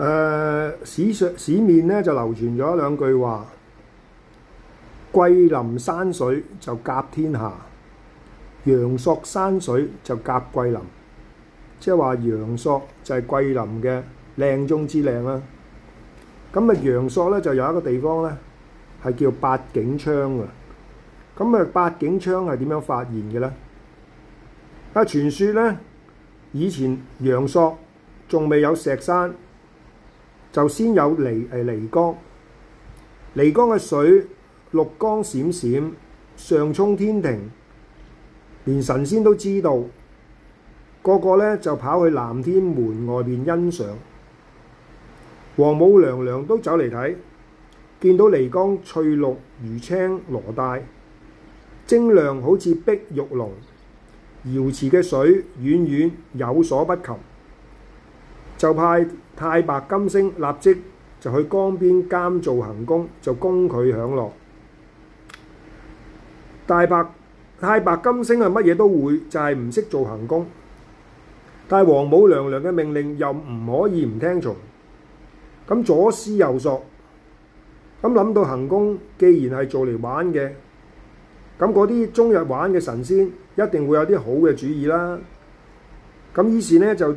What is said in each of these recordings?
誒、呃、史上市面咧就流傳咗兩句話：桂林山水就甲天下，陽朔山水就甲桂林。即係話陽朔就係桂林嘅靚中之靚啦。咁啊，陽朔咧就有一個地方咧係叫八景窗啊。咁、嗯、啊，八景窗係點樣發現嘅咧？啊、嗯，傳說咧以前陽朔仲未有石山。就先有漓誒漓江，漓江嘅水綠光閃閃，上沖天庭，連神仙都知道，個個呢就跑去南天門外面欣賞，王母娘娘都走嚟睇，見到漓江翠綠如青羅帶，晶亮好似碧玉龍，瑤池嘅水遠遠有所不及。就派太白金星立即就去江邊監造行宮，就供佢享樂。太白太白金星係乜嘢都會，就係唔識做行宮。但王母娘娘嘅命令又唔可以唔聽從，咁左思右索，咁諗到行宮既然係做嚟玩嘅，咁嗰啲終日玩嘅神仙一定會有啲好嘅主意啦。咁於是呢就。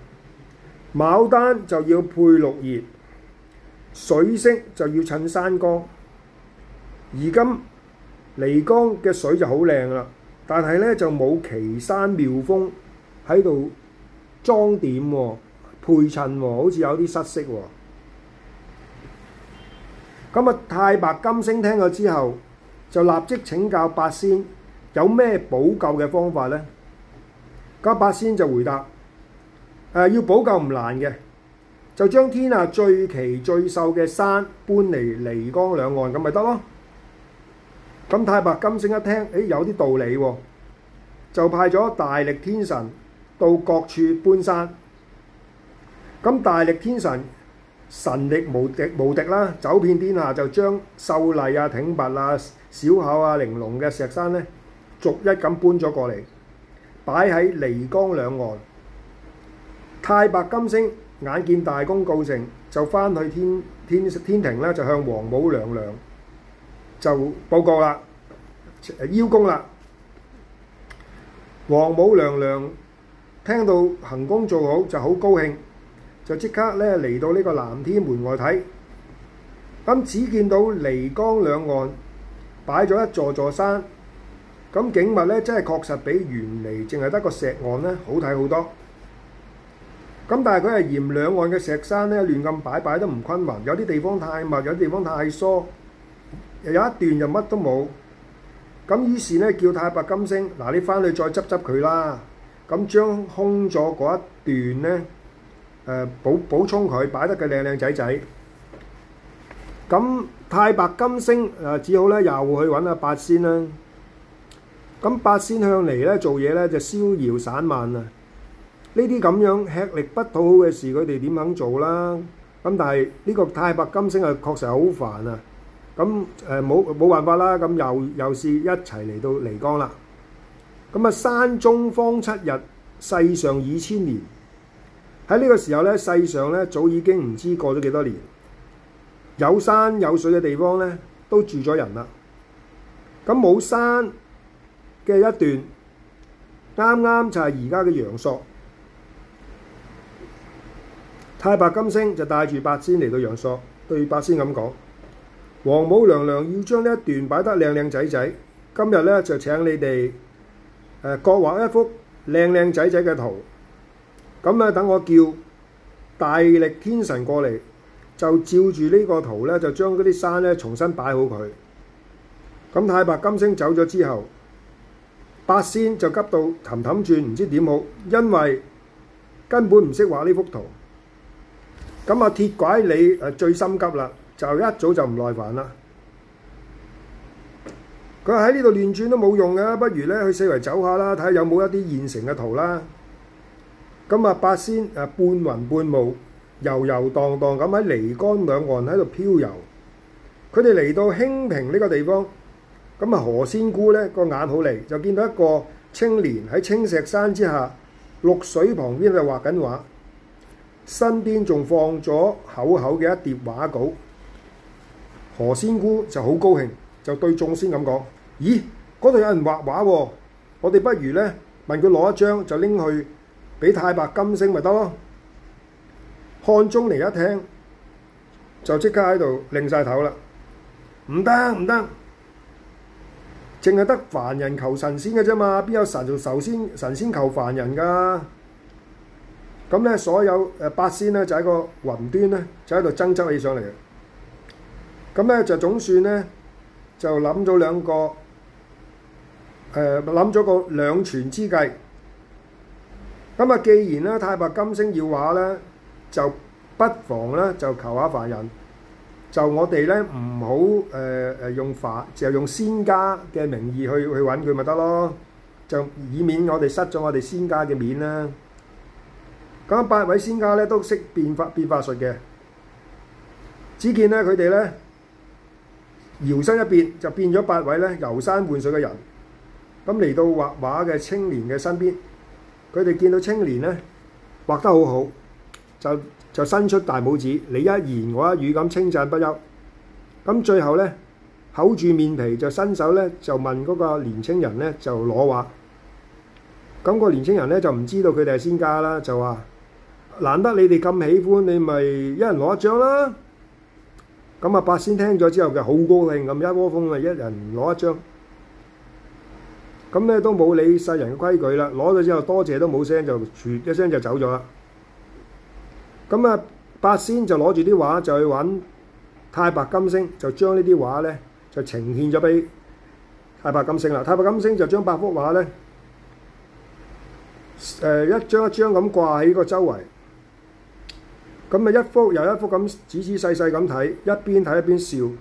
牡丹就要配綠葉，水色就要襯山江。而今灕江嘅水就好靚啦，但係咧就冇奇山妙峰喺度裝點喎，配襯喎，好似有啲失色喎。咁啊，太白金星聽咗之後，就立即請教八仙，有咩補救嘅方法呢？咁八仙就回答。誒，要補救唔難嘅，就將天下最奇最秀嘅山搬嚟灕江兩岸咁咪得咯。咁太白金星一聽，誒，有啲道理喎，就派咗大力天神到各處搬山。咁大力天神神力無敵無敵啦，走遍天下就將秀麗啊、挺拔啊、小巧啊、玲瓏嘅石山咧，逐一咁搬咗過嚟，擺喺灕江兩岸。太白金星眼見大功告成，就返去天天天庭咧，就向王母娘娘就報告啦、呃，邀功啦。王母娘娘聽到行功做好就好高興，就即刻咧嚟到呢個南天門外睇。咁只見到漓江兩岸擺咗一座座山，咁景物咧真係確實比原嚟淨係得個石岸咧好睇好多。咁但係佢係沿兩岸嘅石山咧，亂咁擺擺都唔均勻，有啲地方太密，有啲地方太疏，有一段又乜都冇。咁於是咧叫太白金星，嗱、啊、你翻去再執執佢啦。咁、啊、將空咗嗰一段咧，誒、呃、補補充佢，擺得佢靚靚仔仔。咁太白金星啊、呃，只好咧又去揾阿、啊、八仙啦。咁八仙向嚟咧做嘢咧就逍遙散漫啊。呢啲咁樣吃力不討好嘅事，佢哋點肯做啦？咁但係呢個太白金星係確實好煩啊！咁誒冇冇辦法啦。咁又又試一齊嚟到灕江啦。咁啊，山中方七日，世上已千年。喺呢個時候咧，世上咧早已經唔知過咗幾多年。有山有水嘅地方咧，都住咗人啦。咁冇山嘅一段，啱啱就係而家嘅陽朔。太白金星就帶住八仙嚟到陽朔，對八仙咁講：王母娘娘要將呢一段擺得靚靚仔仔，今日咧就請你哋各、呃、畫一幅靚靚仔仔嘅圖。咁啊，等我叫大力天神過嚟，就照住呢個圖咧，就將嗰啲山咧重新擺好佢。咁太白金星走咗之後，八仙就急到氹氹轉，唔知點好，因為根本唔識畫呢幅圖。咁啊，鐵拐李最心急啦，就一早就唔耐煩啦。佢喺呢度亂轉都冇用嘅，不如咧去四圍走下啦，睇下有冇一啲現成嘅圖啦。咁啊，八仙啊半雲半霧，游游蕩蕩咁喺漓江兩岸喺度漂遊。佢哋嚟到興平呢個地方，咁啊，何仙姑咧個眼好利，就見到一個青年喺青石山之下，綠水旁邊啊畫緊畫。身邊仲放咗厚厚嘅一疊畫稿，何仙姑就好高興，就對眾仙咁講：咦，嗰度有人畫畫喎，哦，我哋不如呢，問佢攞一張，就拎去俾太白金星咪得咯。漢鍾離一聽，就即刻喺度擰晒頭啦，唔得唔得，淨係得凡人求神仙嘅啫嘛，邊有神就求仙，神仙求凡人㗎。咁咧，所有誒八仙咧，就喺個雲端咧，就喺度爭執起上嚟嘅。咁咧就總算咧，就諗咗兩個誒，諗、呃、咗個兩全之計。咁啊，既然咧太白金星要話咧，就不妨咧就求下凡人，就我哋咧唔好誒誒用凡，就用仙家嘅名義去去揾佢咪得咯？就以免我哋失咗我哋仙家嘅面啦。咁八位仙家咧都識變法變法術嘅，只見咧佢哋咧搖身一變就變咗八位咧遊山玩水嘅人，咁嚟到畫畫嘅青年嘅身邊，佢哋見到青年咧畫得好好，就就伸出大拇指，你一言我一語咁稱讚不休。咁最後咧厚住面皮就伸手咧就問嗰個年青人咧就攞畫，咁個年青人咧就唔知道佢哋係仙家啦，就話。難得你哋咁喜歡，你咪一人攞一張啦。咁啊，八仙聽咗之後就好高興，咁一窩蜂啊，一人攞一張。咁咧都冇理世人嘅規矩啦，攞咗之後多謝都冇聲，就噠一聲就走咗啦。咁啊，八仙就攞住啲畫就去揾太白金星，就將呢啲畫咧就呈現咗俾太白金星啦。太白金星就將八幅畫咧誒一張一張咁掛喺個周圍。咁啊一幅又一幅咁仔仔細細咁睇，一邊睇一邊笑。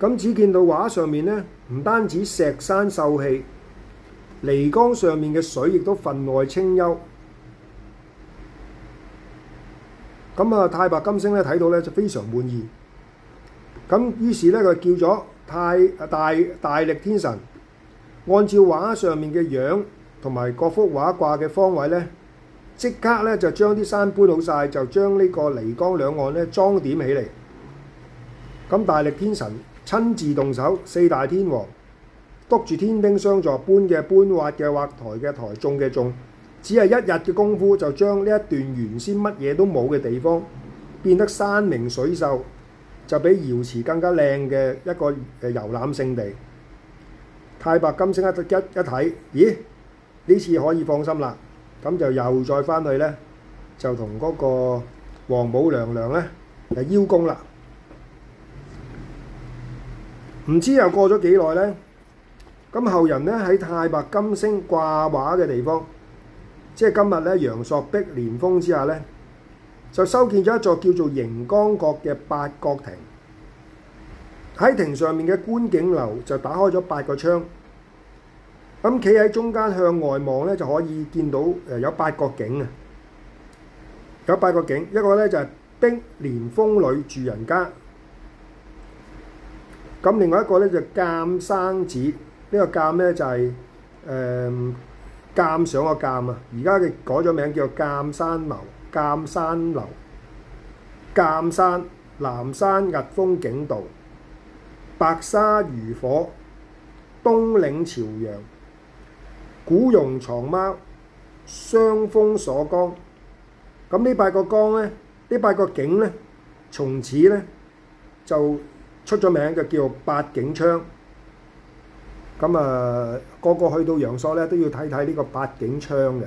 咁只見到畫上面呢，唔單止石山秀氣，灕江上面嘅水亦都分外清幽。咁啊，太白金星咧睇到咧就非常滿意。咁於是咧佢叫咗太大大力天神，按照畫上面嘅樣同埋各幅畫掛嘅方位咧。即刻咧就將啲山搬好晒，就將呢個灕江兩岸咧裝點起嚟。咁大力天神親自動手，四大天王督住天兵相助，搬嘅搬，挖嘅挖，台嘅台，種嘅種，只係一日嘅功夫就將呢一段原先乜嘢都冇嘅地方變得山明水秀，就比瑤池更加靚嘅一個誒遊覽勝地。太白金星一得一一睇，咦？呢次可以放心啦。咁就又再翻去咧，就同嗰個王母娘娘咧就邀功啦。唔知又過咗幾耐咧？咁後人咧喺太白金星掛畫嘅地方，即係今日咧陽朔碧連峰之下咧，就修建咗一座叫做瑩光閣嘅八角亭。喺亭上面嘅觀景樓就打開咗八個窗。.咁企喺中間向外望咧，就可以見到誒有八個景啊，有八個景。一個咧就係冰蓮峰裏住人家，咁另外一個咧就鑑山寺。呢、這個鑑咧就係、是、誒、呃、鑑賞個鑑啊。而家佢改咗名叫做鑑山樓，鑑山樓、鑑山南山日風景道、白沙如火、東嶺朝陽。古榕藏貓，雙峰鎖江，咁呢八個江咧，呢八個景咧，從此咧就出咗名嘅叫八景窗，咁、那、啊個個去到陽朔咧都要睇睇呢個八景窗嘅。